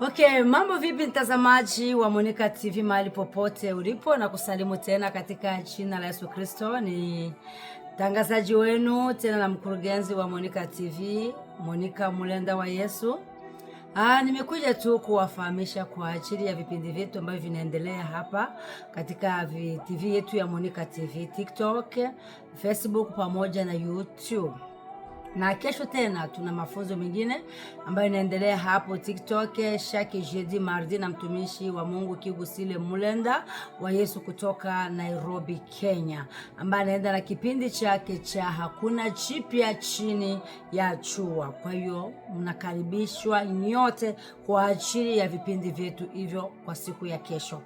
Okay, mambo vipi mtazamaji wa Monica TV mahali popote ulipo, na kusalimu tena katika jina la Yesu Kristo. Ni tangazaji wenu tena na mkurugenzi wa Monica TV, Monica Mulenda wa Yesu. Ah, nimekuja tu kuwafahamisha kwa ajili ya vipindi vyetu ambavyo vinaendelea hapa katika TV yetu ya Monica TV, TikTok, Facebook pamoja na YouTube na kesho tena tuna mafunzo mengine ambayo inaendelea hapo TikTok shaki Jedi mardi na mtumishi wa Mungu Kigusile Mulenda wa Yesu kutoka Nairobi, Kenya, ambaye anaenda na kipindi chake cha hakuna chipya chini ya chua Kwa hiyo mnakaribishwa nyote kwa ajili ya vipindi vyetu hivyo kwa siku ya kesho.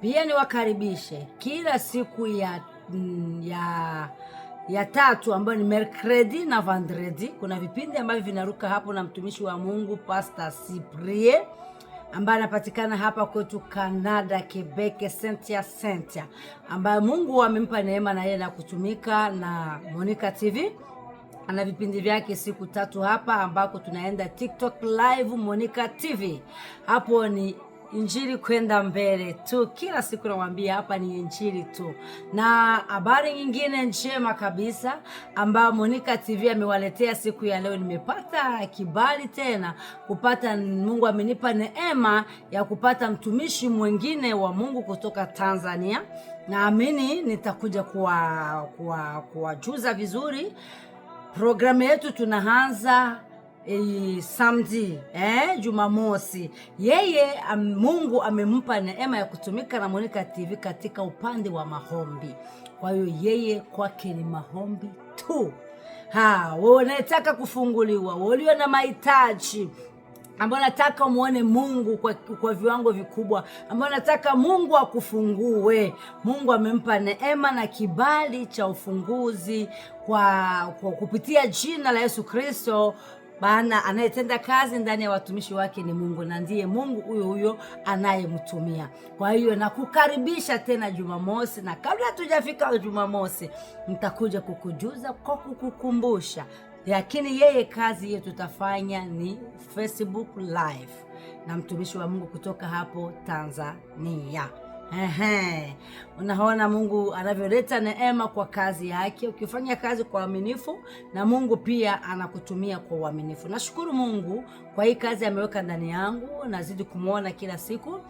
Pia niwakaribishe kila siku ya mm, ya ya tatu ambayo ni mercredi na vendredi. Kuna vipindi ambavyo vinaruka hapo na mtumishi wa Mungu Pastor Cyprien ambaye anapatikana hapa kwetu Canada, Quebec, Saint Hyacinthe, ambaye Mungu amempa neema na yeye na kutumika na Monica TV ana vipindi vyake siku tatu hapa, ambako tunaenda TikTok live Monica TV, hapo ni injili kwenda mbele tu. Kila siku nawaambia hapa ni injili tu, na habari nyingine njema kabisa ambayo Monica TV amewaletea siku ya leo. Nimepata kibali tena kupata, Mungu amenipa neema ya kupata mtumishi mwingine wa Mungu kutoka Tanzania. Naamini nitakuja kuwajuza kuwa, kuwa vizuri programu yetu tunaanza e, Samdi eh, Jumamosi, yeye am, Mungu amempa neema ya kutumika na Monica TV katika upande wa mahombi Kwa hiyo yeye kwake ni mahombi tu. Ha, wewe unataka kufunguliwa, wewe na mahitaji ambayo nataka umwone Mungu kwa, kwa viwango vikubwa, ambayo nataka Mungu akufungue. Mungu amempa neema na kibali cha ufunguzi kwa, kwa kupitia jina la Yesu Kristo maana anayetenda kazi ndani ya watumishi wake ni Mungu na ndiye Mungu huyo huyo anayemtumia. Kwa hiyo nakukaribisha tena Jumamosi, na kabla hatujafika Jumamosi nitakuja kukujuza kwa kukukumbusha, lakini yeye kazi yetu tutafanya ni Facebook live na mtumishi wa Mungu kutoka hapo Tanzania. Ehe, unaona Mungu anavyoleta neema kwa kazi yake. Ukifanya kazi kwa uaminifu, na Mungu pia anakutumia kwa uaminifu. Nashukuru Mungu kwa hii kazi ameweka ndani yangu, nazidi kumwona kila siku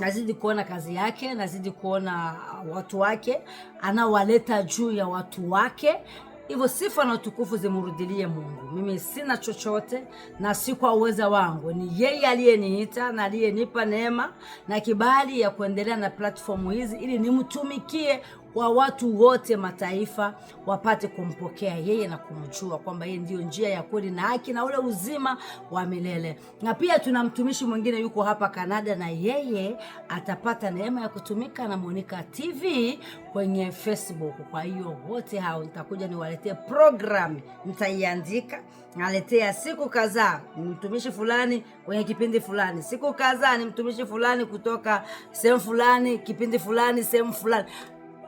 nazidi kuona kazi yake, nazidi kuona watu wake, anawaleta juu ya watu wake, Hivyo sifa na utukufu zimurudilie Mungu. Mimi sina chochote na si kwa uweza wangu, ni yeye aliyeniita na aliyenipa neema na kibali ya kuendelea na platformu hizi ili nimtumikie kwa watu wote mataifa wapate kumpokea yeye na kumjua kwamba yeye ndiyo njia ya kweli na haki na ule uzima wa milele. Na pia tuna mtumishi mwingine yuko hapa Kanada, na yeye atapata neema ya kutumika na Monica TV kwenye Facebook. Kwa hiyo wote hao nitakuja niwaletee program, nitaiandika naletea siku kadhaa, ni mtumishi fulani kwenye kipindi fulani, siku kadhaa ni mtumishi fulani kutoka sehemu fulani, kipindi fulani, sehemu fulani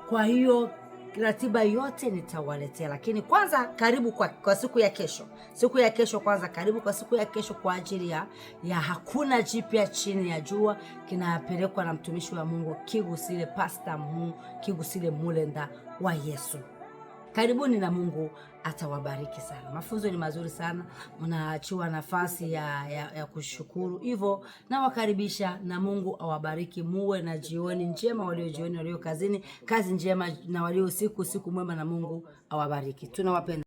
kwa hiyo ratiba yote nitawaletea, lakini kwanza karibu kwa, kwa siku ya kesho, siku ya kesho kwanza, karibu kwa siku ya kesho kwa ajili ya, ya hakuna jipya chini ya jua, kinapelekwa na mtumishi wa Mungu Kigusile, Pasta mu Kigusile Mulenda wa Yesu. Karibuni na Mungu atawabariki sana. Mafunzo ni mazuri sana, mnaachiwa nafasi ya, ya, ya kushukuru. Hivyo nawakaribisha na Mungu awabariki, muwe na jioni njema, walio jioni, walio kazini kazi njema, na walio usiku usiku mwema, na Mungu awabariki. Tunawapenda.